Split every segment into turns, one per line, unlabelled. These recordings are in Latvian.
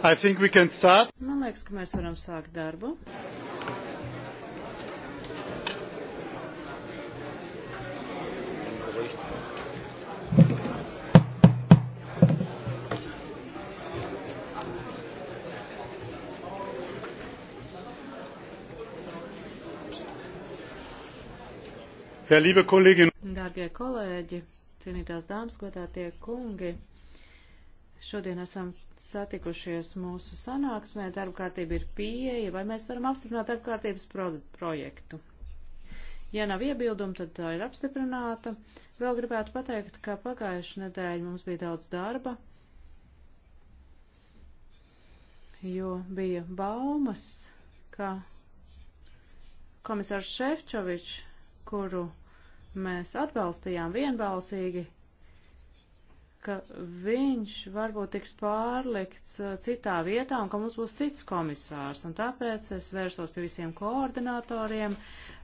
Man
liekas, ka mēs varam sākt darbu. Ja, liebe Kolleginnen, Dārgie kolēģi, cienītās dāmas, godātie kungi! Šodien esam satikušies mūsu sanāksmē, darba kārtība ir pieeja, vai mēs varam apstiprināt darba kārtības pro projektu. Ja nav iebildumu, tad tā ir apstiprināta. Vēl gribētu pateikt, ka pagājuši nedēļa mums bija daudz darba, jo bija baumas, ka komisārs Šefčovičs, kuru mēs atbalstījām vienbalsīgi, ka viņš varbūt tiks pārlikts uh, citā vietā un ka mums būs cits komisārs. Un tāpēc es vērsos pie visiem koordinatoriem,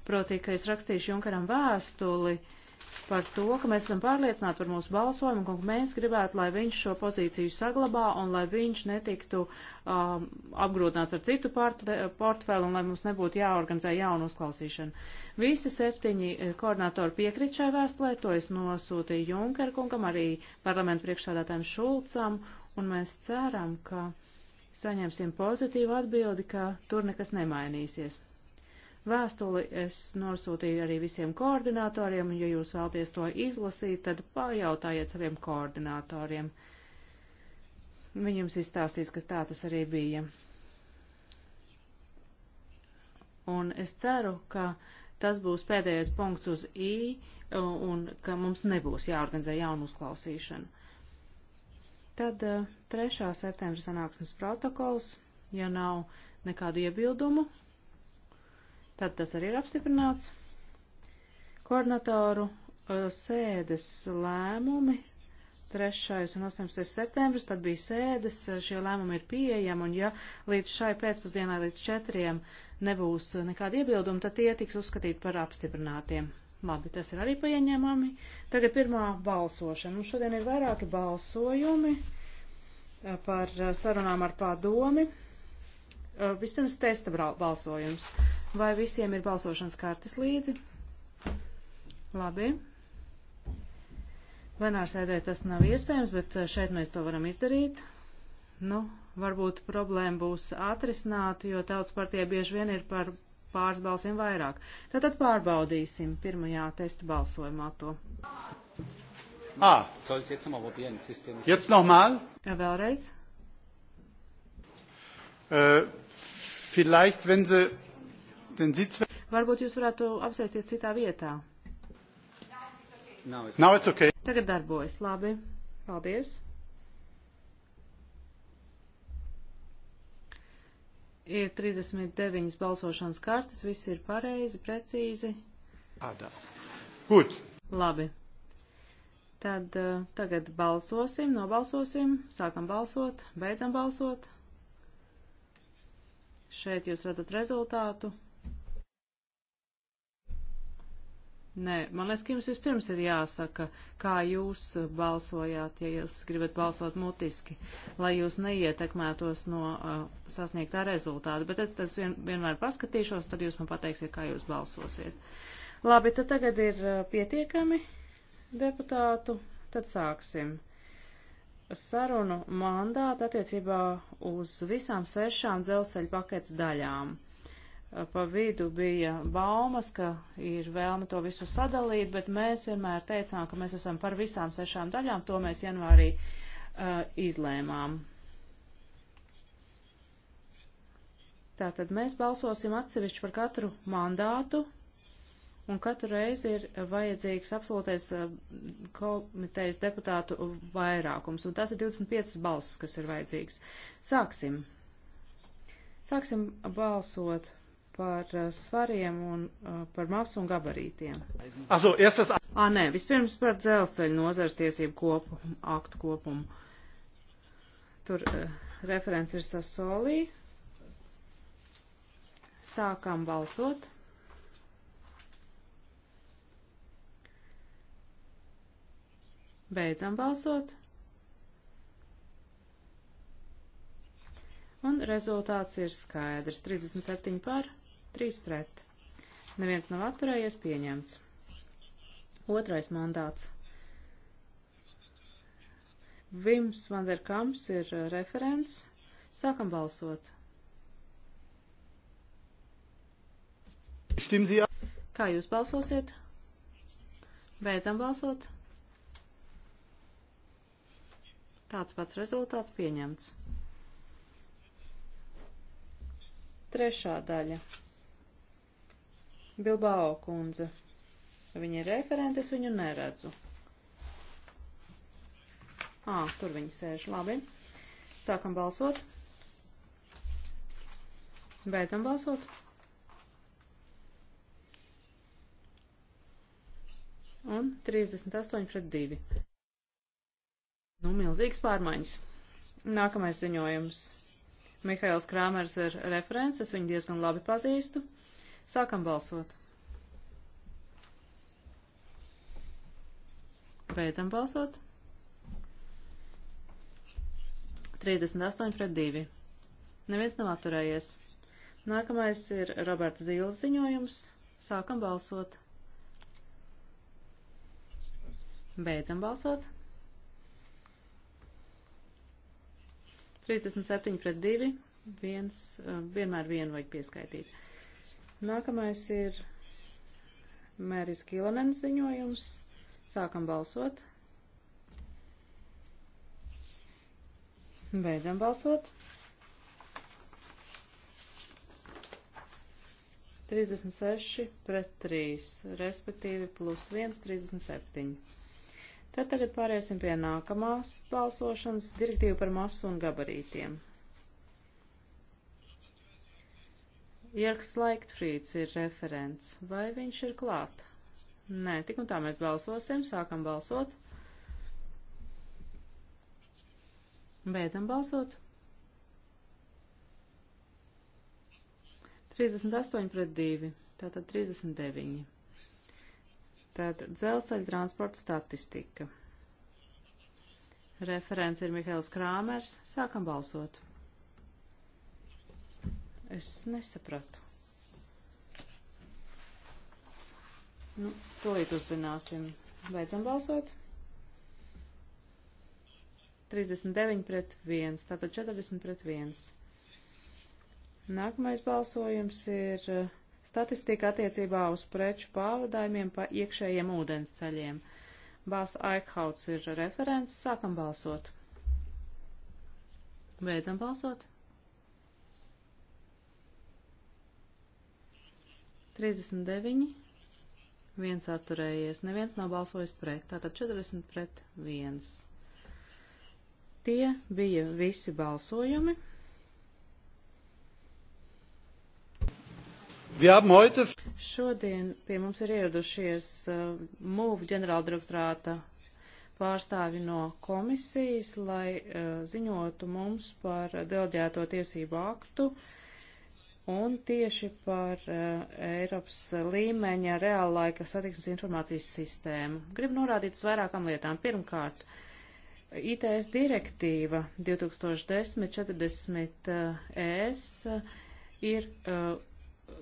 proti, ka es rakstīšu Junkaram vēstuli uh, par to, ka mēs esam pārliecināti par mūsu balsojumu, un ka mēs gribētu, lai viņš šo pozīciju saglabā un lai viņš netiktu um, apgrūtināts ar citu portfeli un lai mums nebūtu jāorganizē jaunu uzklausīšanu. Visi septiņi eh, koordinatori piekrīt šai vēstulē, to es nosūtīju Junker kungam, arī parlamentu priekšsādātājiem Šulcam, un mēs ceram, ka saņemsim pozitīvu atbildi, ka tur nekas nemainīsies. Vēstuli es nosūtīju arī visiem koordinatoriem, un ja jūs vēlties to izlasīt, tad pajautājiet saviem koordinatoriem. Viņi jums izstāstīs, ka tā tas arī bija. Un es ceru, ka tas būs pēdējais punkts uz I, un ka mums nebūs jāorganizē jaunu uzklausīšanu. Tad 3. Eh, septembra sanāksmes protokols, ja nav nekādu iebildumu, Tad tas arī ir apstiprināts. Koordinatoru uh, sēdes lēmumi 3. un 18. septembris, tad bija sēdes, uh, šie lēmumi ir pieejami, un ja līdz šai pēcpusdienai līdz 4. nebūs uh, nekāda iebilduma, tad tie tiks uzskatīti par apstiprinātiem. Labi, tas ir arī pieņemami. Tagad pirmā balsošana. Mums šodien ir vairāki balsojumi par sarunām ar padomi. Vispirms testa balsojums. Vai visiem ir balsošanas kartes līdzi? Labi. Plenārsēdē tas nav iespējams, bet eh, šeit mēs to varam izdarīt. Nu, varbūt problēma būs atrisināta, jo tautas partija bieži vien ir par pāris balsiem vairāk. Tātad pārbaudīsim pirmajā testa balsojumā to. Ah,
ah. soll es jetzt nochmal probieren? Es ist ja nicht. Jetzt nochmal?
Ja, vēlreiz. Uh, vielleicht, wenn Sie Varbūt jūs varētu apsēsties citā vietā.
Now
it's, Now it's okay.
Tagad darbojas. Labi. Paldies. Ir 39 balsošanas kartes, viss ir pareizi, precīzi.
Ādā. Gut.
Labi. Tad uh, tagad balsosim, nobalsosim, sākam balsot, beidzam balsot. Šeit jūs redzat rezultātu. Nē, man liekas, ka jums vispirms ir jāsaka, kā jūs balsojāt, ja jūs gribat balsot mutiski, lai jūs neietekmētos no uh, sasniegtā rezultāta. Bet es tas vien, vienmēr paskatīšos, tad jūs man pateiksiet, kā jūs balsosiet. Labi, tad tagad ir uh, pietiekami deputātu, tad sāksim sarunu mandātu attiecībā uz visām sešām dzelzceļa paketes daļām pa vidu bija baumas, ka ir vēlme to visu sadalīt, bet mēs vienmēr teicām, ka mēs esam par visām sešām daļām, to mēs janvārī uh, izlēmām. Tātad mēs balsosim atsevišķi par katru mandātu, un katru reizi ir vajadzīgs absolūtais uh, komitejas deputātu vairākums, un tas ir 25 balsis, kas ir vajadzīgs. Sāksim. Sāksim balsot par eh, svariem un eh, par masu un gabarītiem. Aso, erstas... Ā, ah, nē, vispirms par dzelzceļu nozars tiesību kopu, aktu kopumu. Tur uh, referents ir Sasolī. Sākām balsot. Beidzam balsot. Un rezultāts ir skaidrs. 37 par 3 pret. Neviens nav atturējies pieņemts. Otrais mandāts. Vims Vanderkamps ir uh, referents. Sākam balsot. Kā jūs balsosiet? Beidzam balsot. Tāds pats rezultāts pieņemts. Trešā daļa. Bilbao kundze. Viņa ir referente, es viņu neredzu. Ā, tur viņa sēž. Labi. Sākam balsot. Beidzam balsot. Un 38 pret 2. Nu, milzīgs pārmaiņas. Nākamais ziņojums. Mihails Krāmers ir referents, es viņu diezgan labi pazīstu. Sākam balsot. Beidzam balsot. 38 pret 2. Neviens nav atturējies. Nākamais ir Roberta Zīles ziņojums. Sākam balsot. Beidzam balsot. 37 pret 2. Viens, eh, vienmēr vienu vajag pieskaitīt. Nākamais ir Mēris Kilonens ziņojums. Sākam balsot. Beidzam balsot. 36 pret 3, respektīvi plus 1, 37. Tad tagad pāriesim pie nākamās balsošanas direktīva par masu un gabarītiem. Jerks Laiktfrīds ir referents. Vai viņš ir klāt? Nē, tik un tā mēs balsosim. Sākam balsot. Beidzam balsot. 38 pret 2, tātad 39. Tātad dzelzceļa transporta statistika. Referents ir Mihails Krāmers. Sākam balsot. Es nesapratu. Nu, tūlīt uzzināsim. Beidzam balsot. 39 pret 1, tātad 40 pret 1. Nākamais balsojums ir eh, statistika attiecībā uz preču pārvadājumiem pa iekšējiem ūdens ceļiem. Bās Aikhauts ir referents, sākam balsot. Beidzam balsot. 39, viens atturējies, neviens nav balsojis pret, tātad 40 pret 1. Tie bija visi balsojumi.
Heute...
Šodien pie mums ir ieradušies uh, MUV ģenerāldirektorāta pārstāvi no komisijas, lai uh, ziņotu mums par delģēto tiesību aktu uh, un tieši par uh, Eiropas līmeņa reālaika satiksmes informācijas sistēmu. Gribu norādīt uz vairākām lietām. Pirmkārt, ITS direktīva 2010-40 ES eh, ir uh,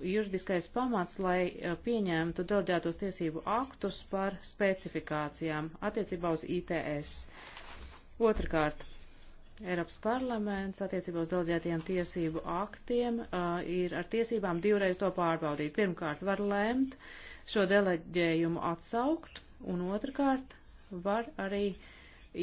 juridiskais pamats, lai pieņemtu delģētos tiesību aktus par specifikācijām attiecībā uz ITS. Otrakārt, Eiropas parlaments attiecībā uz delegētajiem tiesību aktiem uh, ir ar tiesībām divreiz to pārbaudīt. Pirmkārt, var lēmt šo deleģējumu atsaukt, un otrkārt, var arī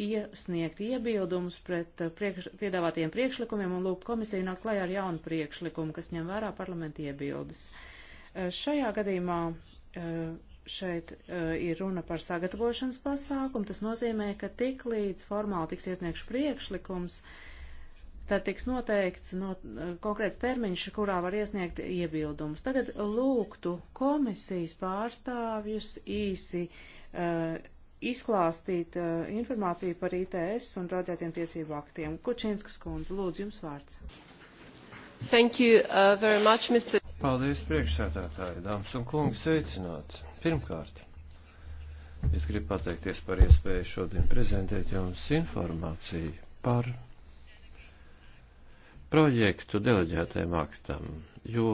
iesniegt iebildumus pret uh, priekš, piedāvātiem priekšlikumiem un lūgt komisiju nāk klajā ar jaunu priekšlikumu, kas ņem vērā parlamenta iebildes. Uh, šajā gadījumā uh, šeit uh, ir runa par sagatavošanas pasākumu. Tas nozīmē, ka tik līdz formāli tiks iesniegts priekšlikums, tad tiks noteikts no, uh, konkrēts termiņš, kurā var iesniegt iebildumus. Tagad lūgtu komisijas pārstāvjus īsi uh, izklāstīt uh, informāciju par ITS un draudētiem tiesību aktiem. Kučinskas kundze, lūdzu, jums vārds.
Thank you uh, very much, Mr. Paldies priekšsēdētāji, dāmas un kungi, sveicināts. Pirmkārt, es gribu pateikties par iespēju šodien prezentēt jums informāciju par projektu deleģētajam aktam, jo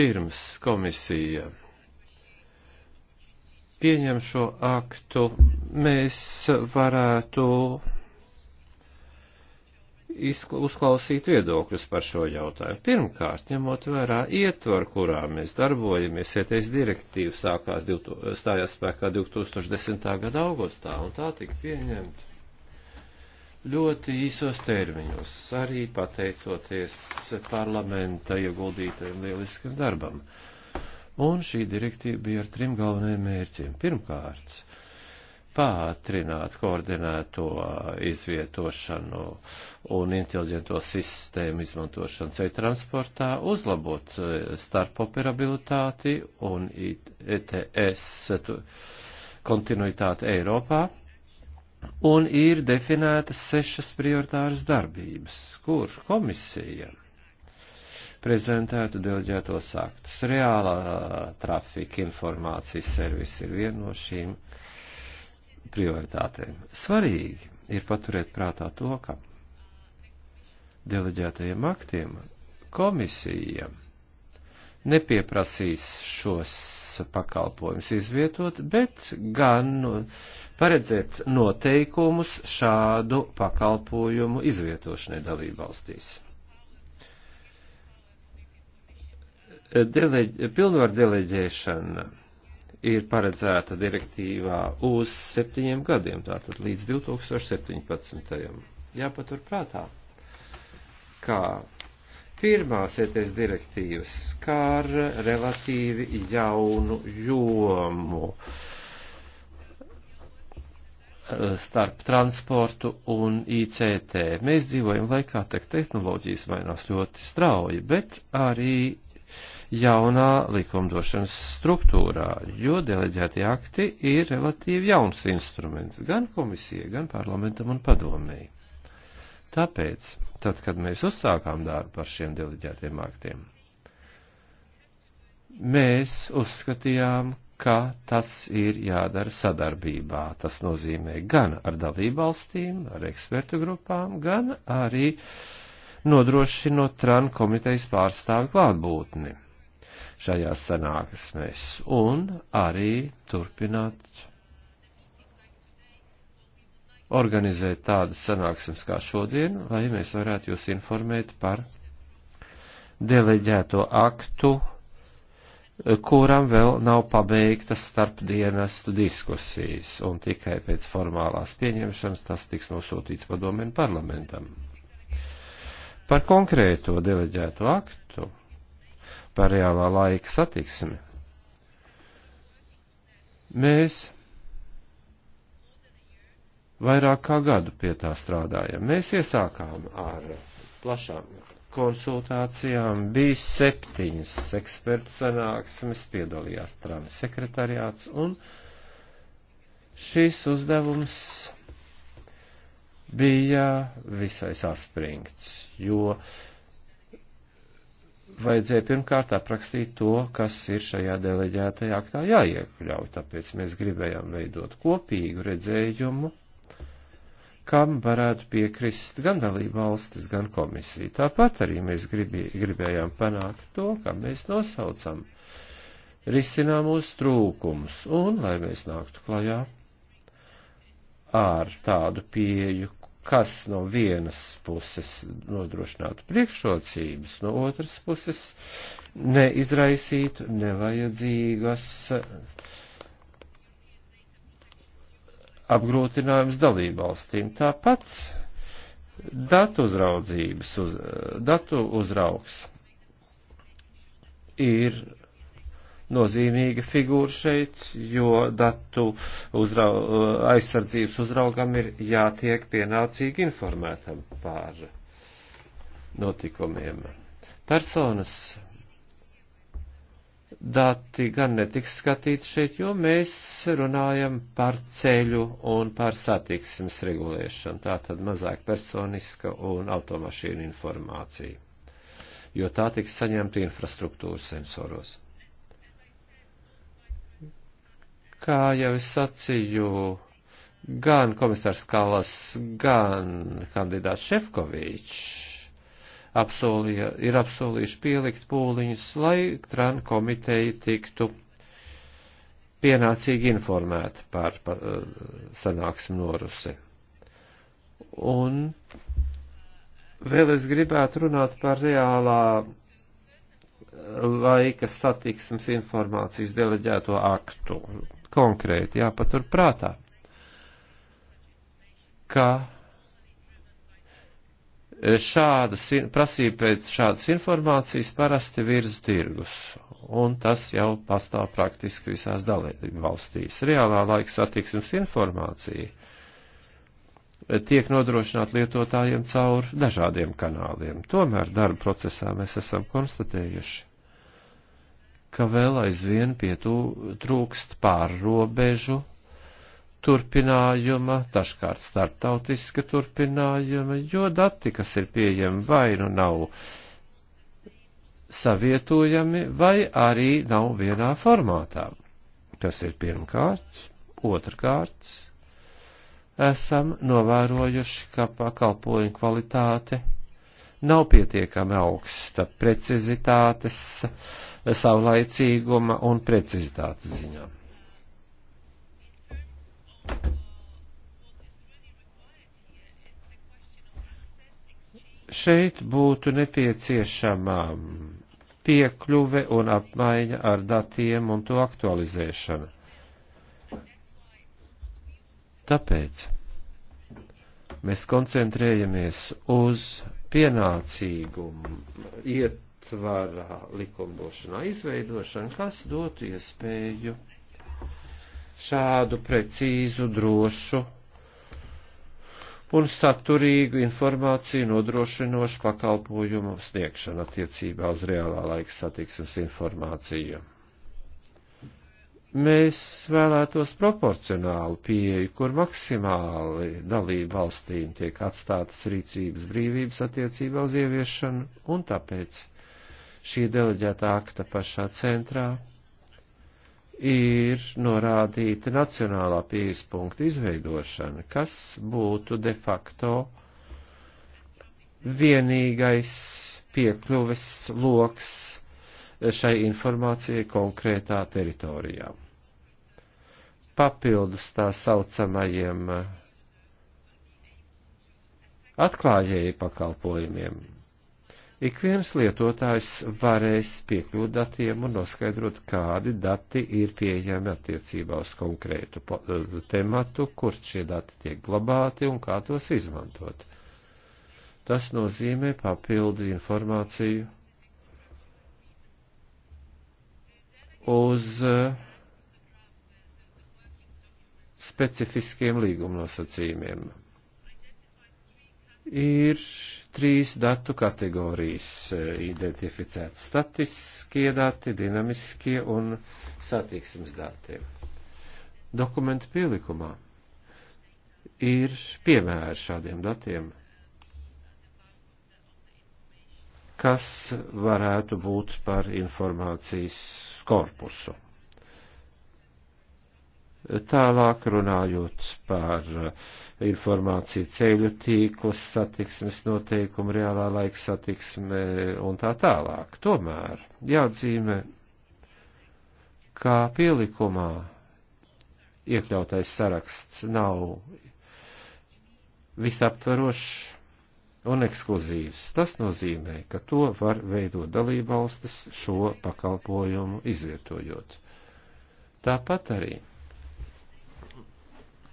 pirms komisija pieņem šo aktu, mēs varētu uzklausīt viedokļus par šo jautājumu. Pirmkārt, ņemot vērā ietvaru, kurā mēs darbojamies, ETS direktīva sākās, 2000, stājās spēkā 2010. gada augustā, un tā tika pieņemta ļoti īsos termiņos, arī pateicoties parlamenta ieguldītajam lieliskam darbam. Un šī direktīva bija ar trim galvenajiem mērķiem. Pirmkārt, pātrināt koordinēto izvietošanu un inteliģento sistēmu izmantošanu ceļu transportā, uzlabot e, starpoperabilitāti un ETS kontinuitāti Eiropā. Un ir definētas sešas prioritāras darbības, kur komisija prezentētu deleģētos aktus. Reālā trafika informācijas servis ir viena no šīm uh, prioritātēm. Svarīgi ir paturēt prātā to, ka deleģētajiem aktiem komisija nepieprasīs šos pakalpojumus izvietot, bet gan paredzēt noteikumus šādu pakalpojumu izvietošanai dalībvalstīs. Deleģ, pilnvar deleģēšana ir paredzēta direktīvā uz septiņiem gadiem, tātad līdz 2017. Jāpatur prātā, kā pirmās ETS direktīvas skar relatīvi jaunu jomu eh, starp transportu un ICT. Mēs dzīvojam laikā, te tehnoloģijas mainās ļoti strauji, bet arī jaunā likumdošanas struktūrā, jo deleģēti akti ir relatīvi jauns instruments gan komisijai, gan parlamentam un padomēji. Tāpēc, tad, kad mēs uzsākām darbu par šiem deleģētiem aktiem, mēs uzskatījām, ka tas ir jādara sadarbībā. Tas nozīmē gan ar dalībvalstīm, ar ekspertu grupām, gan arī nodrošinot tran komitejas pārstāvi klātbūtni šajās sanāksmēs un arī turpināt organizēt tādas sanāksmes kā šodien, lai mēs varētu jūs informēt par deleģēto aktu, kuram vēl nav pabeigtas starp dienestu diskusijas, un tikai pēc formālās pieņemšanas tas tiks nosūtīts padomēm parlamentam. Par konkrēto deleģēto aktu par reālā laika satiksmi. Mēs vairāk kā gadu pie tā strādājam. Mēs iesākām ar plašām konsultācijām, bija septiņas ekspertu sanāksmes, piedalījās strāna sekretariāts, un šīs uzdevums bija visai saspringts, jo uh, vajadzēja pirmkārt aprakstīt to, kas ir šajā deleģētajā aktā jāiekļauj, tāpēc mēs gribējām veidot kopīgu redzējumu, kam varētu piekrist gan dalība valstis, gan komisija. Tāpat arī mēs gribī, gribējām panākt to, ka mēs nosaucam risināmos trūkumus un lai mēs nāktu klajā ar tādu pieju, kas no vienas puses nodrošinātu priekšrocības, no otras puses neizraisītu nevajadzīgas apgrūtinājums dalībvalstīm. Tāpat datu uzraudzības, uz, datu uzraugs ir nozīmīga figūra šeit, jo datu uzra aizsardzības uzraugam ir jātiek pienācīgi informētam par notikumiem. Personas dati gan netiks skatīti šeit, jo mēs runājam par ceļu un par satiksmes regulēšanu, tātad mazāk personiska un automašīnu informācija, jo tā tiks saņemta infrastruktūras sensoros. Kā jau es sacīju, gan komisārs Kalas, gan kandidāts Šefkovičs apsolīja, ir apsolījuši pielikt pūliņus, lai tran komiteja tiktu pienācīgi informēta par pa, sanāksmu norusi. Un vēl es gribētu runāt par reālā laika satiksmes informācijas deleģēto aktu konkrēti jāpatur prātā, ka šādas prasība pēc šādas informācijas parasti virz tirgus, un tas jau pastāv praktiski visās dalību valstīs. Reālā laika satiksmes informācija tiek nodrošināta lietotājiem caur dažādiem kanāliem. Tomēr darba procesā mēs esam konstatējuši, ka vēl aizvien pietrūkst pārrobežu turpinājuma, dažkārt starptautiska turpinājuma, jo dati, kas ir pieejami, vai nu nav savietojami, vai arī nav vienā formātā. Tas ir pirmkārt, otrkārt, esam novērojuši, ka pakalpojumu kvalitāte nav pietiekami augsta, precizitātes uh, saulaicīguma un precizitātes ziņā. Šeit būtu nepieciešama piekļuve un apmaiņa ar datiem un to aktualizēšana. Tāpēc mēs koncentrējamies uz pienācīgumu, iet līdzsvarā likumdošanā izveidošana, kas dotu iespēju šādu precīzu, drošu un saturīgu informāciju nodrošinošu pakalpojumu sniegšanu attiecībā uz reālā laika satiksmes informāciju. Mēs vēlētos proporcionālu pieeju, kur maksimāli dalību valstīm tiek atstātas rīcības brīvības attiecībā uz ieviešanu, un tāpēc šī deleģēta akta pašā centrā ir norādīta nacionālā pieejas punkta izveidošana, kas būtu de facto vienīgais piekļuves loks šai informācijai konkrētā teritorijā. Papildus tā saucamajiem atklājēju pakalpojumiem ik viens lietotājs varēs piekļūt datiem un noskaidrot, kādi dati ir pieejami attiecībā uz konkrētu eh, tematu, kur šie dati tiek glabāti un kā tos izmantot. Tas nozīmē papildu informāciju uz eh, specifiskiem līguma nosacījumiem. Ir trīs datu kategorijas e, identificētas - statistiskie dati, dinamiskie un satiksmes dati. Dokumentu pielikumā ir piemēri šādiem datiem, kas varētu būt par informācijas korpusu. Tālāk runājot par eh, informāciju ceļu tīklus, satiksmes noteikumu, reālā laika satiksme un tā tālāk. Tomēr jāatzīmē, kā pielikumā iekļautais saraksts nav visaptvarošs un ekskluzīvs. Tas nozīmē, ka to var veidot dalībvalstis šo pakalpojumu izvietojot. Tāpat arī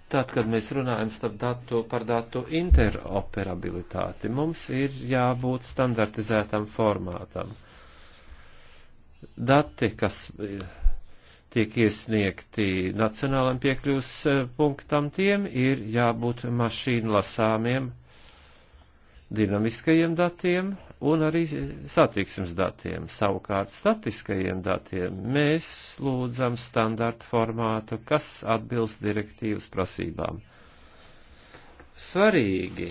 Tad, kad mēs runājam datu, par datu interoperabilitāti, mums ir jābūt standartizētam formātam. Dati, kas eh, tiek iesniegti nacionālam piekļūs eh, punktam, tiem ir jābūt mašīnu lasāmiem dinamiskajiem datiem, un arī satiksmes datiem. Savukārt statiskajiem datiem mēs lūdzam standartu formātu, kas atbilst direktīvas prasībām. Svarīgi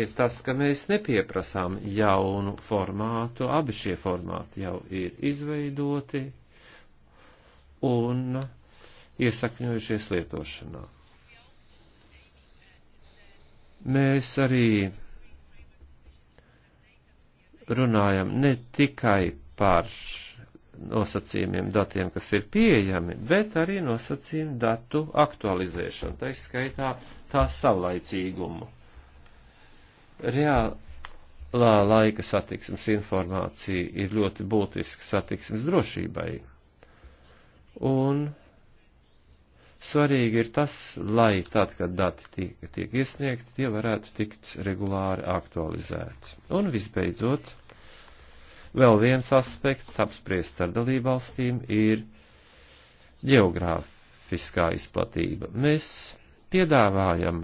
ir tas, ka mēs nepieprasām jaunu formātu, abi šie formāti jau ir izveidoti un iesakņojušies lietošanā. Mēs arī runājam ne tikai par nosacījumiem datiem, kas ir pieejami, bet arī nosacījumu datu aktualizēšanu, tā izskaitā tā savlaicīgumu. Reālā laika satiksmes informācija ir ļoti būtiska satiksmes drošībai. Un svarīgi ir tas, lai tad, kad dati tiek, tiek iesniegti, tie varētu tikt regulāri aktualizēti. Un visbeidzot, Vēl viens aspekts apspriests ar dalībvalstīm ir geogrāfiskā izplatība. Mēs piedāvājam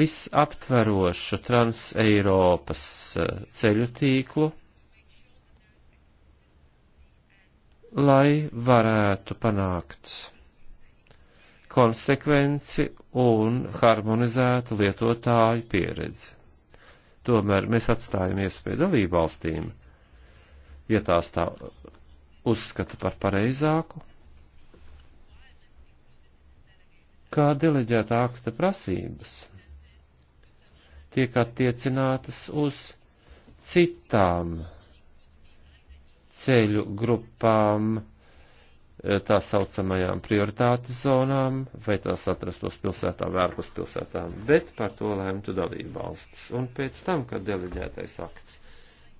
visaptverošu Trans-Eiropas eh, ceļu tīklu, lai varētu panākt konsekvenci un harmonizētu lietotāju pieredzi. Tomēr mēs atstājam iespēju dalību valstīm, ja tās tā uzskata par pareizāku, kā deleģēta akta prasības tiek attiecinātas uz citām ceļu grupām, Eh, tā saucamajām prioritātes zonām, vai tās atrastos pilsētām, vērpus pilsētām, bet par to lēmtu dalību valsts. Un pēc tam, kad deleģētais akts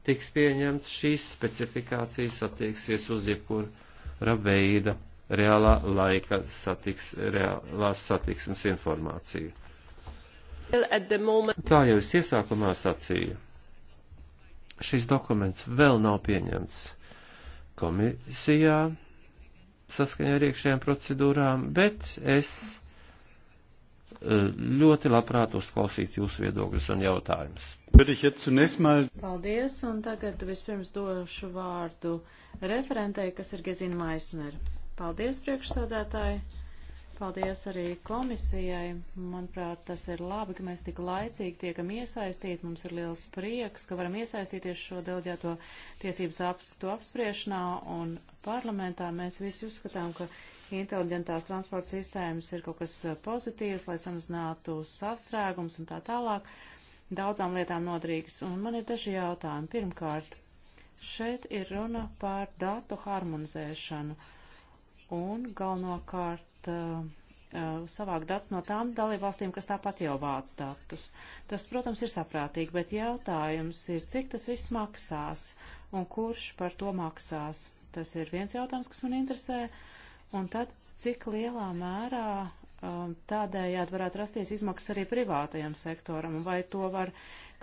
tiks pieņemts, šīs specifikācijas attieksies uz jebkura veida reālā laika satiks, reālās satiksmes informāciju.
Kā
jau es iesākumā sacīju, šis dokuments vēl nav pieņemts komisijā saskaņā ar iekšējām procedūrām, bet es e, ļoti labprāt uzklausītu jūsu viedokļus un jautājumus.
Paldies, un tagad vispirms došu vārdu referentei, kas ir Gezina Maisner. Paldies, priekšsādātāji! Paldies arī komisijai. Manuprāt, tas ir labi, ka mēs tik laicīgi tiekam iesaistīti. Mums ir liels prieks, ka varam iesaistīties šo delģēto tiesības aktu apspriešanā un parlamentā. Mēs visi uzskatām, ka inteliģentās transporta sistēmas ir kaut kas eh, pozitīvs, lai samazinātu sastrēgums un tā tālāk. Daudzām lietām noderīgs. Un man ir daži jautājumi. Pirmkārt, šeit ir runa par datu harmonizēšanu un galvenokārt eh, eh, savākt datus no tām dalībvalstīm, kas tāpat jau vāc datus. Tas, protams, ir saprātīgi, bet jautājums ir, cik tas viss maksās un kurš par to maksās. Tas ir viens jautājums, kas man interesē. Un tad, cik lielā mērā um, tādējādi varētu rasties izmaksas arī privātajam sektoram, vai to var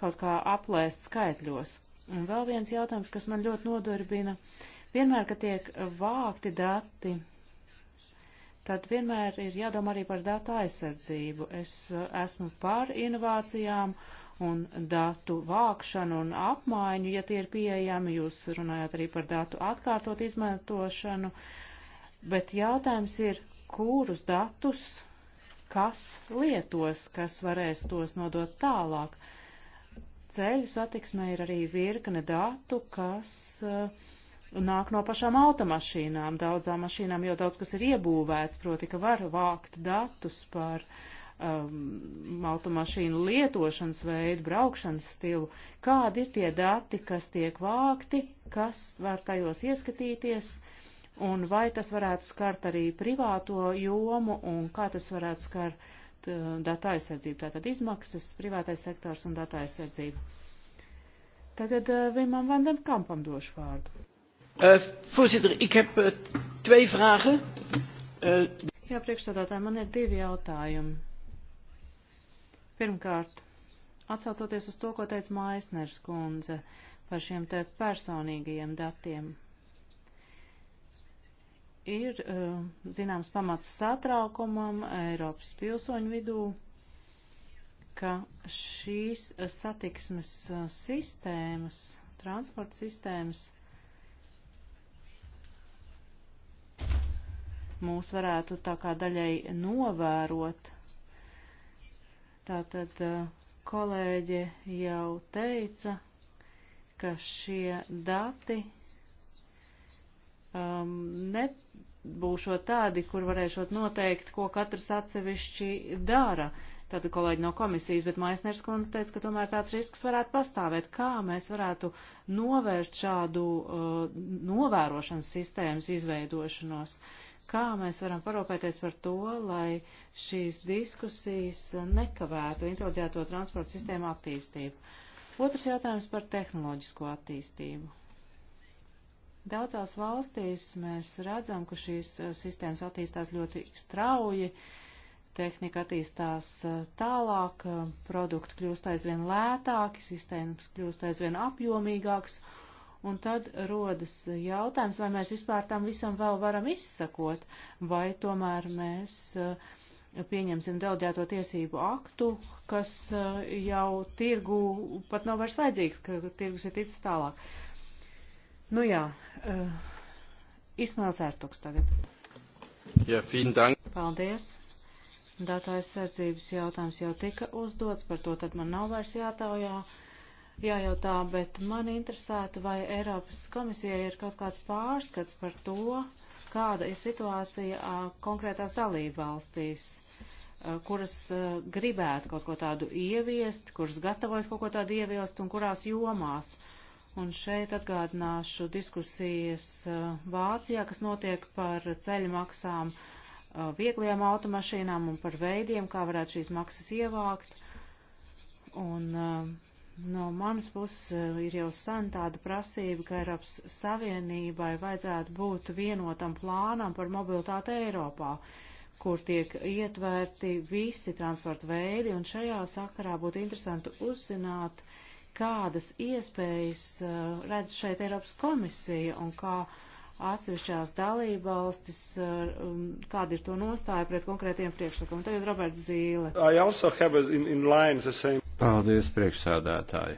kaut kā aplēst skaitļos. Un vēl viens jautājums, kas man ļoti nodarbina. Vienmēr, kad tiek vākti dati, tad vienmēr ir jādomā arī par datu aizsardzību. Es uh, esmu par inovācijām un datu vākšanu un apmaiņu, ja tie ir pieejami. Jūs runājāt arī par datu atkārtot izmantošanu. Bet jautājums ir, kurus datus, kas lietos, kas varēs tos nodot tālāk. Ceļu satiksmē ir arī virkne datu, kas uh, nāk no pašām automašīnām, daudzām mašīnām, jo daudz kas ir iebūvēts, proti, ka var vākt datus par um, automašīnu lietošanas veidu, braukšanas stilu, kādi ir tie dati, kas tiek vākti, kas var tajos ieskatīties, un vai tas varētu skart arī privāto jomu, un kā tas varētu skart datu aizsardzību, tātad izmaksas, privātais sektors un datu aizsardzība. Tagad uh, Vimam Vandam Kampam došu vārdu. Uh, voorzitter, ik heb uh, twee vragen. Uh... Eh, Jā, priekšstādātāji, man ir divi jautājumi. Pirmkārt, atsaucoties uz to, ko teica Maisners kundze par šiem te personīgajiem datiem, ir zināms pamats satraukumam Eiropas pilsoņu vidū, ka šīs satiksmes sistēmas, transporta sistēmas, mūs varētu tā kā daļai novērot. Tātad eh, kolēģe jau teica, ka šie dati um, nebūšot tādi, kur varēšot noteikt, ko katrs atsevišķi dara. Tātad kolēģi no komisijas, bet Maisners kundze teica, ka tomēr tāds risks varētu pastāvēt. Kā mēs varētu novērst šādu uh, novērošanas sistēmas izveidošanos? kā mēs varam parūpēties par to, lai šīs diskusijas nekavētu inteliģēto transporta sistēmu attīstību. Otrs jautājums par tehnoloģisko attīstību. Daudzās valstīs mēs redzam, ka šīs eh, sistēmas attīstās ļoti strauji, tehnika attīstās eh, tālāk, eh, produkti kļūst aizvien lētāki, sistēmas kļūst aizvien apjomīgākas Un tad rodas jautājums, vai mēs vispār tam visam vēl varam izsakot, vai tomēr mēs eh, pieņemsim delģēto tiesību aktu, kas eh, jau tirgu pat nav vairs vajadzīgs, ka tirgus ir ticis tālāk. Nu jā, uh, Ismails Ertuks tagad.
Jā, ja, fīn dank.
Paldies. Datu aizsardzības jautājums jau tika uzdots, par to tad man nav vairs jātaujā. Uh, jājautā, bet man interesētu, vai Eiropas komisijai ir kaut kāds pārskats par to, kāda ir situācija konkrētās dalībvalstīs, kuras gribētu kaut ko tādu ieviest, kuras gatavojas kaut ko tādu ieviest un kurās jomās. Un šeit atgādināšu diskusijas Vācijā, kas notiek par ceļu maksām vieglajām automašīnām un par veidiem, kā varētu šīs maksas ievākt. Un uh, No manas puses eh, ir jau sen tāda prasība, ka Eiropas Savienībai vajadzētu būt vienotam plānam par mobilitāti Eiropā, kur tiek ietverti visi transporta veidi, un šajā sakarā būtu interesanti uzzināt, kādas iespējas eh, redz šeit Eiropas komisija un kā atsevišķās dalībvalstis, eh, um, kāda ir to nostāja pret konkrētiem priekšlikumiem. Tagad Roberts Zīle.
Paldies, priekšsādātāji.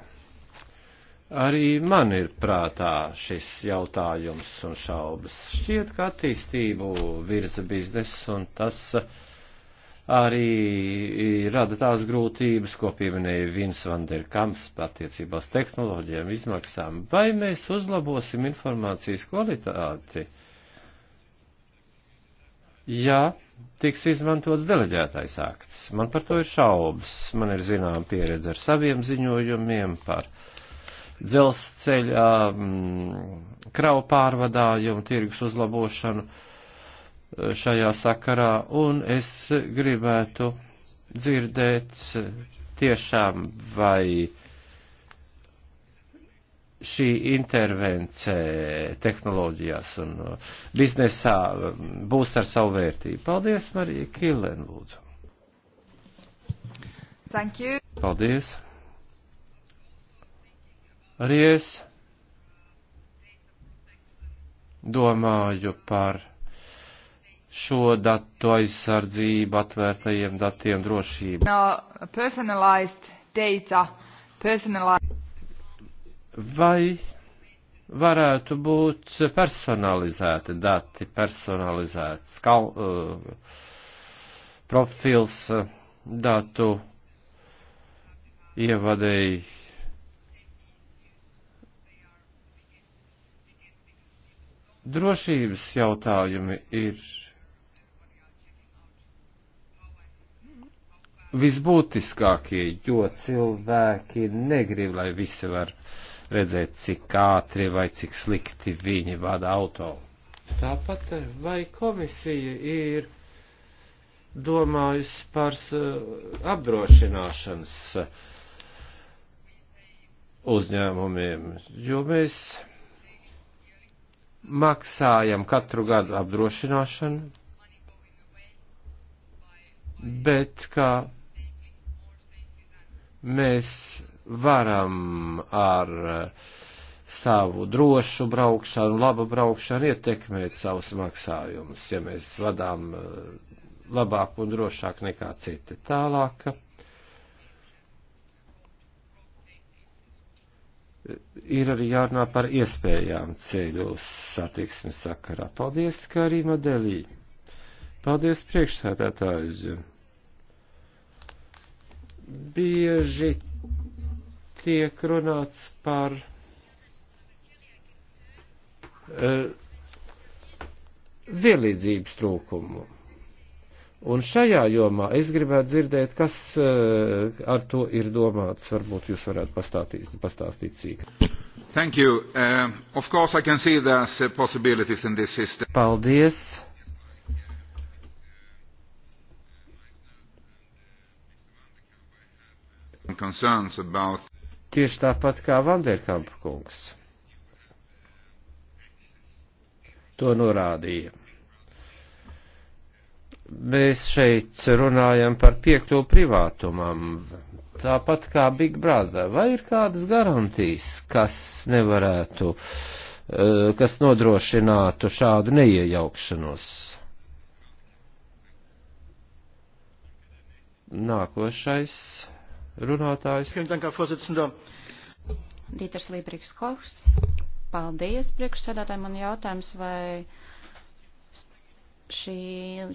Arī man ir prātā šis jautājums un šaubas. Šķiet, ka attīstību virza biznesa un tas arī rada tās grūtības, ko pieminēja Vins Vanderkams attiecībās tehnoloģijām, izmaksām. Vai mēs uzlabosim informācijas kvalitāti? Jā. Ja tiks izmantots deleģētais akts. Man par to ir šaubas. Man ir zinām pieredze ar saviem ziņojumiem par dzelzceļa, mm, kravu pārvadājumu, tirgus uzlabošanu e, šajā sakarā, un es gribētu dzirdēt e, tiešām vai šī intervence tehnoloģijās un uh, biznesā um, būs ar savu vērtību. Paldies, Marija Killen, lūdzu. Thank you. Paldies. Arī es domāju par šo datu aizsardzību, atvērtajiem datiem drošību.
No personalized data, personalized
Vai varētu būt personalizēti dati, personalizēts skal, uh, profils uh, datu ievadēji. Drošības jautājumi ir visbūtiskākie, jo cilvēki negrib, lai visi var uh, redzēt, cik ātri vai cik slikti viņi vada auto. Tāpat eh, vai komisija ir domājusi par eh, apdrošināšanas eh, uzņēmumiem, jo mēs maksājam katru gadu apdrošināšanu, bet kā mēs varam ar eh, savu drošu braukšanu, labu braukšanu ietekmēt savus maksājumus, ja mēs vadām eh, labāk un drošāk nekā citi. Tālāk ir arī jārunā par iespējām ceļu satiksmes sakarā. Paldies, Karīma Delī. Paldies, priekšsēdētājs. Bieži tiek runāts par uh, vienlīdzības trūkumu. Un šajā jomā es gribētu dzirdēt, kas uh, ar to ir domāts. Varbūt jūs varētu pastāstīt, pastāstīt sīk. Thank you. Uh, of course I can see there's uh, possibilities in this system. Paldies. Concerns about Tieši tāpat kā Vanderkamp kungs. To norādīja. Mēs šeit runājam par piekto privātumam, tāpat kā Big Brother. Vai ir kādas garantijas, kas nevarētu, eh, kas nodrošinātu šādu neiejaukšanos? Nākošais runātājs.
Dīters Lībrīgs Kovs. Paldies, priekšsēdētāji. Man jautājums, vai šī,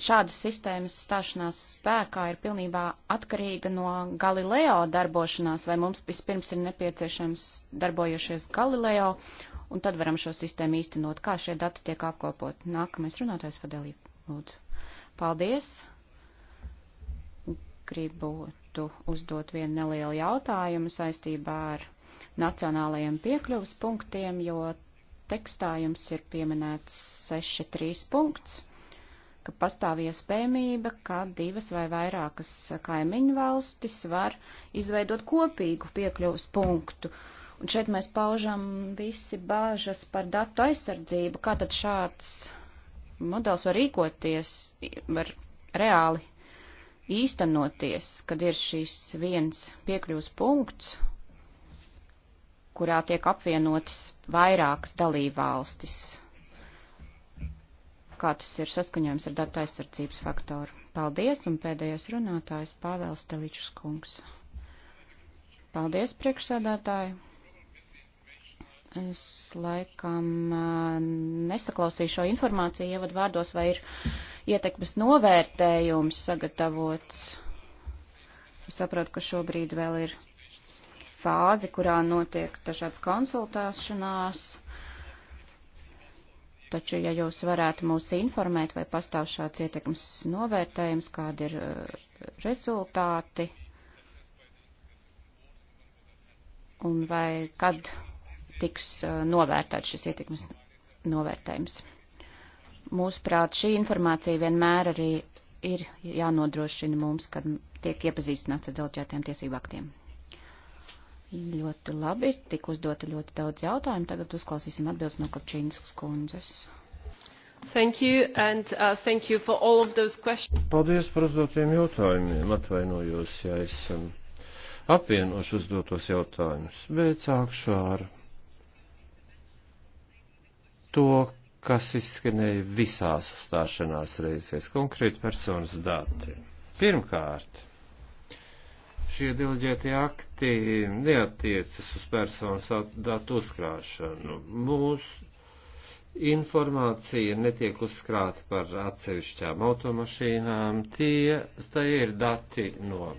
šādas sistēmas stāšanās spēkā ir pilnībā atkarīga no Galileo darbošanās, vai mums vispirms ir nepieciešams darbojošies Galileo, un tad varam šo sistēmu īstenot. Kā šie dati tiek apkopot? Nākamais runātājs Fadelī, lūdzu. Paldies gribētu uzdot vienu nelielu jautājumu saistībā ar nacionālajiem piekļuvas punktiem, jo tekstā jums ir pieminēts 6.3 punkts, ka pastāv iespējamība, ka divas vai vairākas kaimiņu valstis var izveidot kopīgu piekļuvas punktu. Un šeit mēs paužam visi bāžas par datu aizsardzību, kā tad šāds modelis var rīkoties, var reāli īstenoties, kad ir šis viens piekļuvs punkts, kurā tiek apvienotas vairākas dalībvalstis, kā tas ir saskaņojums ar datu aizsardzības faktoru. Paldies, un pēdējais runātājs Pāvēls Teličs kungs. Paldies, priekšsēdētāji! Es laikam nesaklausīju šo informāciju ievad vārdos, vai ir ietekmes novērtējums sagatavots. Es saprotu, ka šobrīd vēl ir fāzi, kurā notiek dažādas konsultāšanās. Taču, ja jūs varētu mūs informēt, vai pastāv šāds ietekmes novērtējums, kādi ir rezultāti un vai kad tiks eh, novērtēts šis ietekmes novērtējums. Mūsuprāt, šī informācija vienmēr arī ir jānodrošina mums, kad tiek iepazīstināts ar delģētiem tiesību aktiem. Ļoti labi, tik uzdota ļoti daudz jautājumu. Tagad uzklausīsim atbildes no Kapčīnskas kundzes.
Thank you and uh, thank you for all of those
questions. Paldies par uzdotiem jautājumiem. Atvainojos, ja es um, apvienošu uzdotos jautājumus, bet sākšu ar. Šār to, kas izskanēja visās uzstāšanās reizēs, konkrēti personas dati. Pirmkārt, šie diliģētie akti neatiecas uz personas datu uzkrāšanu. Mūsu informācija netiek uzkrāta par atsevišķām automašīnām, tie, tie ir dati no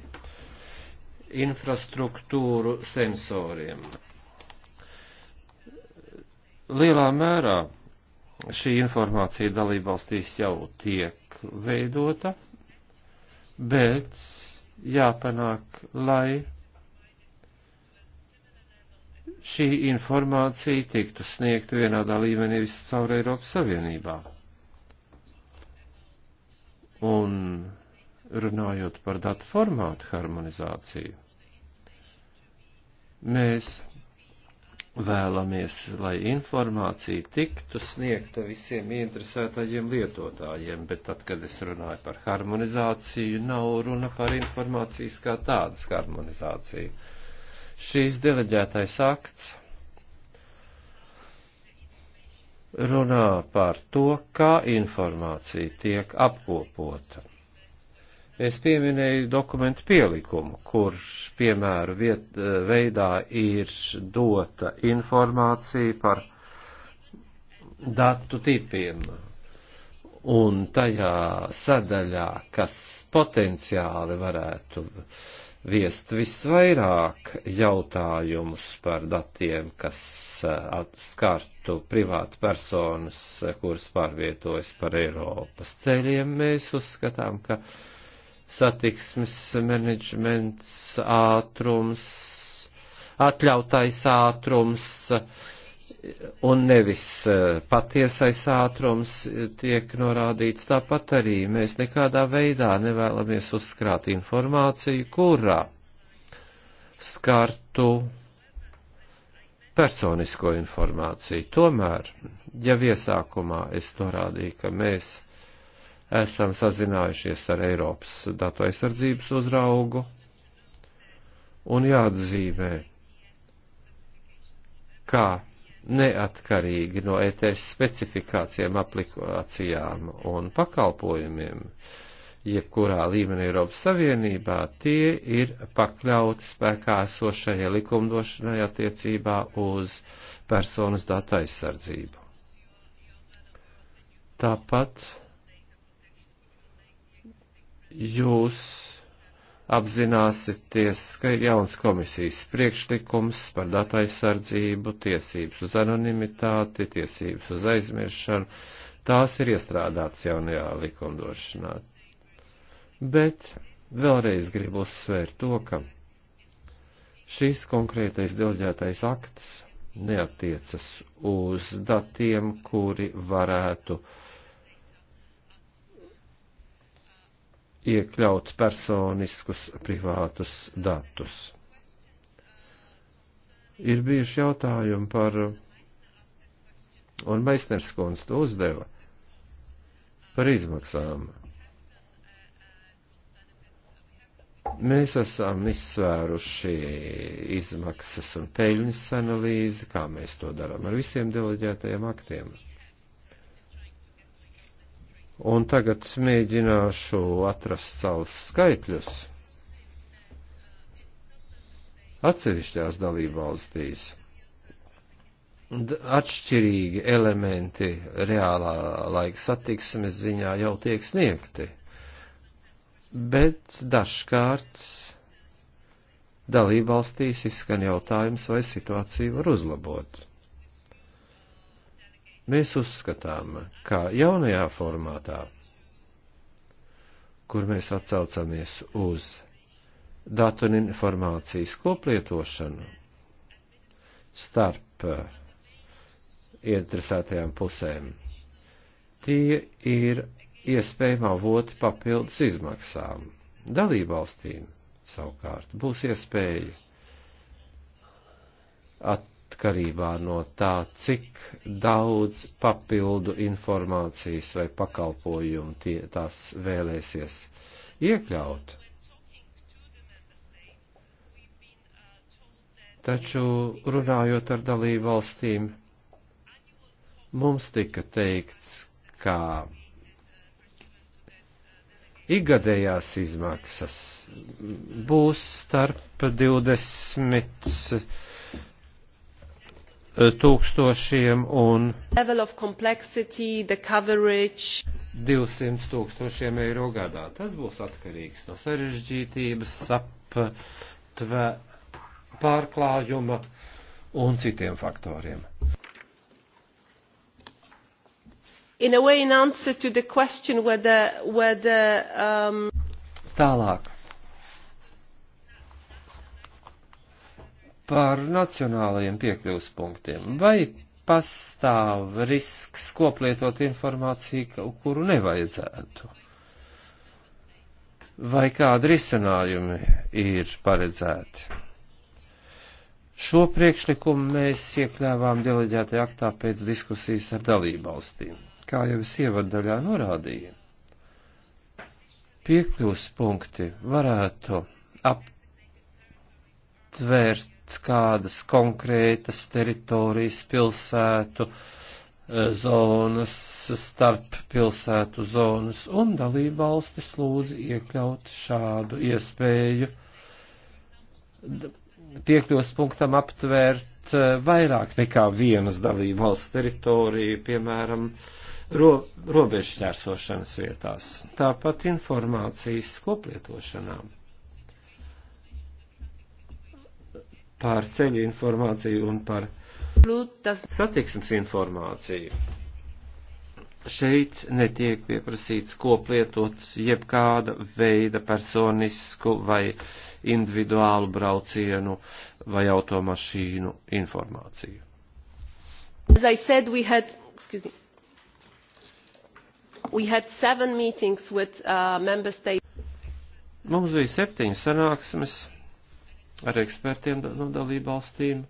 infrastruktūru sensoriem. Lielā mērā šī informācija dalībvalstīs jau tiek veidota, bet jāpanāk, lai šī informācija tiktu sniegta vienādā līmenī viscaur Eiropas Savienībā. Un runājot par datu formātu harmonizāciju, mēs vēlamies, lai informācija tiktu sniegta visiem interesētajiem lietotājiem, bet tad, kad es runāju par harmonizāciju, nav runa par informācijas kā tādas harmonizāciju. Šīs deleģētais akts runā par to, kā informācija tiek apkopota Es pieminēju dokumentu pielikumu, kurš piemēru viet, veidā ir dota informācija par datu tipiem. Un tajā sadaļā, kas potenciāli varētu viest visvairāk jautājumus par datiem, kas eh, atskartu privātu personas, eh, kuras pārvietojas par Eiropas ceļiem, mēs uzskatām, ka uh, satiksmes menedžments, ātrums, atļautais ātrums un nevis e, patiesais ātrums tiek norādīts. Tāpat arī mēs nekādā veidā nevēlamies uzkrāt informāciju, kurā skartu personisko informāciju. Tomēr, ja iesākumā es norādīju, ka mēs esam sazinājušies ar Eiropas datu aizsardzības uzraugu un jāatzīmē, kā neatkarīgi no ETS specifikācijām, aplikācijām un pakalpojumiem, jebkurā līmenī Eiropas Savienībā, tie ir pakļauti spēkā esošajai likumdošanai attiecībā uz personas datu aizsardzību. Tāpat jūs apzināsieties, ka ir jauns komisijas priekšlikums par datu aizsardzību, tiesības uz anonimitāti, tiesības uz aizmiršanu. Tās ir iestrādāts jaunajā likumdošanā. Bet vēlreiz gribu uzsvērt to, ka šīs konkrētais dilģētais akts neatiecas uz datiem, kuri varētu uh, iekļaut personiskus privātus datus. Ir bijuši jautājumi par, un Meisners kundze to uzdeva, par izmaksām. Mēs esam izsvēruši izmaksas un peļņas analīzi, kā mēs to darām ar visiem deleģētajiem aktiem. Un tagad mēģināšu atrast savus skaitļus. Atsevišķās dalībvalstīs atšķirīgi elementi reālā laika satiksmes ziņā jau tiek sniegti, bet dažkārt dalībvalstīs izskan jautājums, vai situāciju var uzlabot. Mēs uzskatām, ka jaunajā formātā, kur mēs atsaucamies uz datu un informācijas koplietošanu starp ieinteresētajām eh, pusēm, tie ir iespējamā voti papildus izmaksām. Dalībvalstīm savukārt būs iespēja at atkarībā no tā, cik daudz papildu informācijas vai pakalpojumu tie, tās vēlēsies iekļaut. Taču runājot ar dalību valstīm, mums tika teikts, ka igadējās izmaksas būs starp 20 tūkstošiem un 200 tūkstošiem eiro gadā. Tas būs atkarīgs no sarežģītības, saptve, pārklājuma un citiem faktoriem.
In a way, in answer to the question whether, whether um...
Tālāk par nacionālajiem piekļuvas punktiem. Vai pastāv risks koplietot informāciju, kuru nevajadzētu? Vai kādi risinājumi ir paredzēti? Šo priekšlikumu mēs iekļāvām deleģētajā aktā pēc diskusijas ar dalībvalstīm, kā jau es ievadaļā norādīju. Piekļūs punkti varētu aptvērt kādas konkrētas teritorijas pilsētu e, zonas, starp pilsētu zonas, un dalība valstis lūdzu iekļaut šādu iespēju piekļuvas punktam aptvērt e, vairāk nekā vienas dalību valsts teritoriju, piemēram, ro, robežšķērsošanas vietās, tāpat informācijas koplietošanām par ceļu informāciju un par satiksmes informāciju. Šeit netiek pieprasīts koplietots jebkāda veida personisku vai individuālu braucienu vai automašīnu informāciju.
Said, we had, me, we had with, uh,
Mums bija septiņas sanāksmes ar ekspertiem no dalībvalstīm.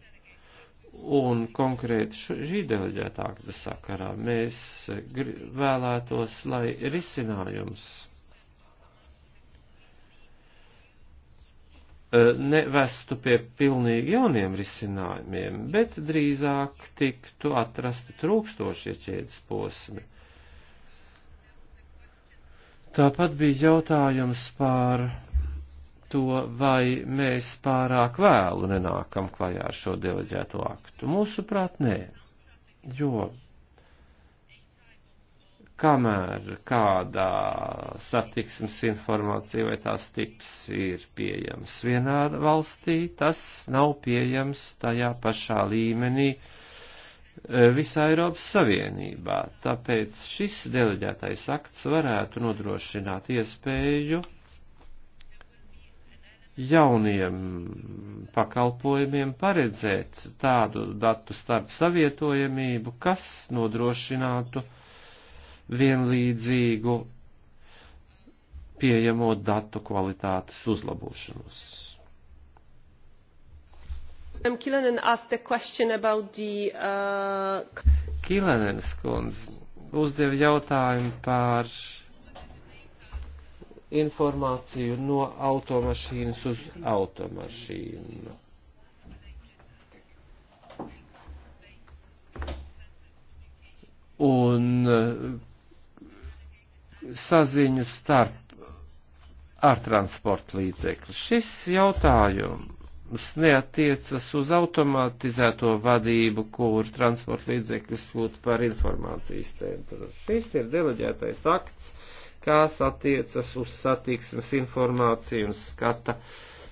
Un konkrēti šī deleģētā akta sakarā mēs eh, vēlētos, lai risinājums eh, nevestu pie pilnīgi jauniem risinājumiem, bet drīzāk tiktu atrasti trūkstošie ķēdes posmi. Tāpat bija jautājums par to, vai mēs pārāk vēlu nenākam klajā ar šo deleģēto aktu. Mūsuprāt, nē, jo kamēr kādā satiksmes informācija vai tās tips ir pieejams vienā valstī, tas nav pieejams tajā pašā līmenī e, visā Eiropas Savienībā. Tāpēc šis deleģētais akts varētu nodrošināt iespēju jauniem pakalpojumiem paredzēt tādu datu starp savietojamību, kas nodrošinātu vienlīdzīgu pieejamo datu kvalitātes uzlabošanos.
Um, Kilenen asked a question about the uh...
Kilenens kundze uzdeva jautājumu par uh, informāciju no automašīnas uz automašīnu. Un eh, saziņu starp ar transporta līdzekli. Šis jautājums neatiecas uz automatizēto vadību, kur transporta līdzeklis kļūtu par informācijas centru. Šis ir deleģētais akts, kas attiecas uz satiksmes informāciju un skata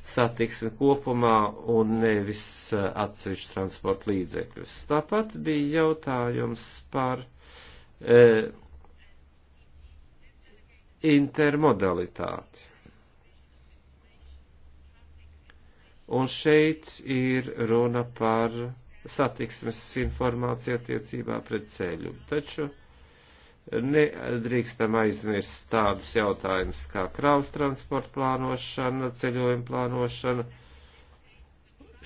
satiksmi kopumā un nevis eh, atsevišķu transporta līdzekļus. Tāpat bija jautājums par e, intermodalitāti. Un šeit ir runa par satiksmes informāciju attiecībā pret ceļu. Taču Nedrīkstam aizmirst tādus jautājumus kā kravas transporta plānošana, ceļojuma plānošana.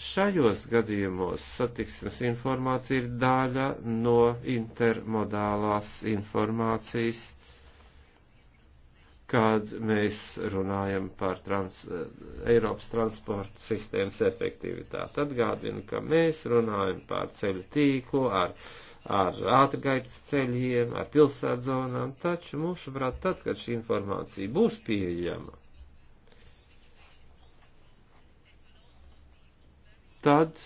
Šajos gadījumos satiksmes informācija ir daļa no intermodālās informācijas, kad mēs runājam par trans, Eiropas transporta sistēmas efektivitāti. Atgādinu, ka mēs runājam par ceļu tīklu ar ar ātrgaitas ceļiem, ar pilsētzonām, taču mums, prāt, tad, kad šī informācija būs pieejama, tad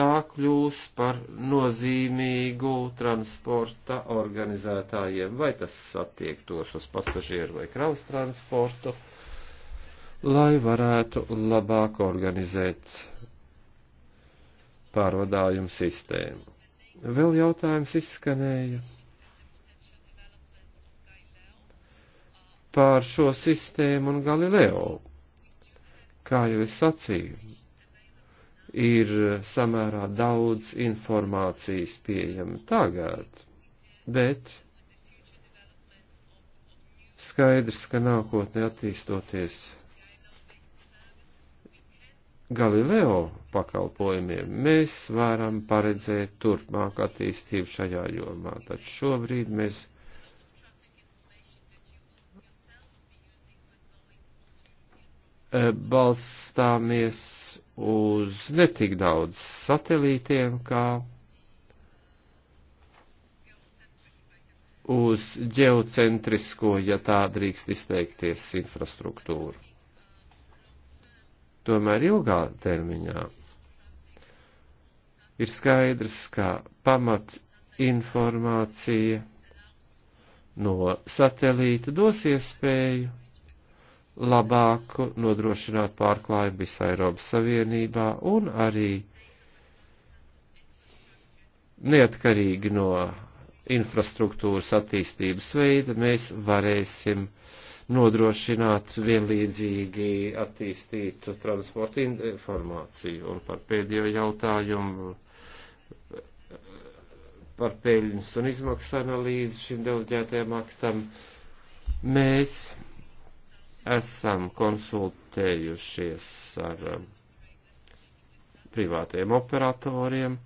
tā kļūs par nozīmīgu transporta organizētājiem, vai tas attiektos uz pasažieru vai kravas transportu, lai varētu labāk organizēt pārvadājumu sistēmu. Vēl jautājums izskanēja pār šo sistēmu un Galileo. Kā jau es sacīju, ir samērā daudz informācijas pieejama tagad, bet skaidrs, ka nākotnē attīstoties Galileo pakalpojumiem mēs varam paredzēt turpmāku attīstību šajā jomā, taču šobrīd mēs e, balstāmies uz netik daudz satelītiem, kā uz ģeocentrisko, ja tā drīkst izteikties, infrastruktūru. Tomēr ilgā termiņā ir skaidrs, ka pamat informācija no satelīta dos iespēju labāku nodrošināt pārklājumu visā Eiropas Savienībā un arī neatkarīgi no infrastruktūras attīstības veida mēs varēsim uh, nodrošināt vienlīdzīgi attīstītu transporta informāciju. Un par pēdējo jautājumu par peļņas un izmaksu analīzi šim deleģētajam aktam mēs esam konsultējušies ar um, privātiem operatoriem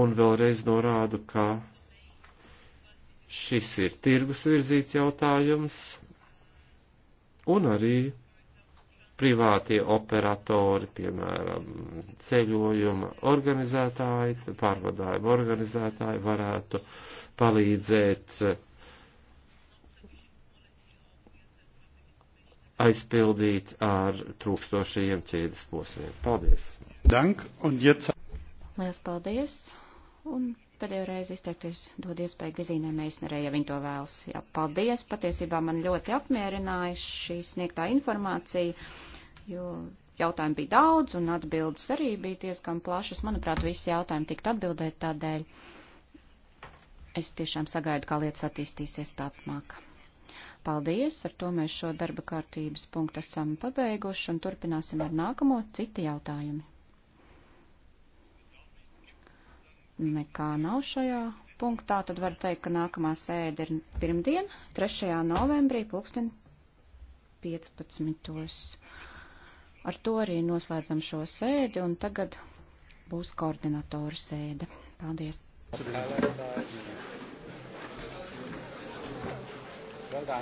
un vēlreiz norādu, ka Šis ir tirgus virzīts jautājums un arī privātie operatori, piemēram, ceļojuma organizētāji, pārvadājuma organizētāji varētu palīdzēt aizpildīt ar trūkstošajiem ķēdes posmiem. Paldies! Dank, un jetzt...
Lielas paldies! Un pēdējo reizi izteikties dod iespēju Gezīnai Meisnerē, ja viņa to vēlas. Jā, paldies, patiesībā man ļoti apmierināja šī sniegtā informācija, jo jautājumu bija daudz un atbildes arī bija diezgan plašas. Manuprāt, visi jautājumi tikt atbildēt tādēļ. Es tiešām sagaidu, kā lietas attīstīsies tāpmāk. Paldies, ar to mēs šo darba kārtības punktu esam pabeiguši un turpināsim ar nākamo citi jautājumi. nekā nav šajā punktā, tad var teikt, ka nākamā sēde ir pirmdien, 3. novembrī, pulksten 15. Ar to arī noslēdzam šo sēdi, un tagad būs koordinatoru sēde. Paldies!
Well done.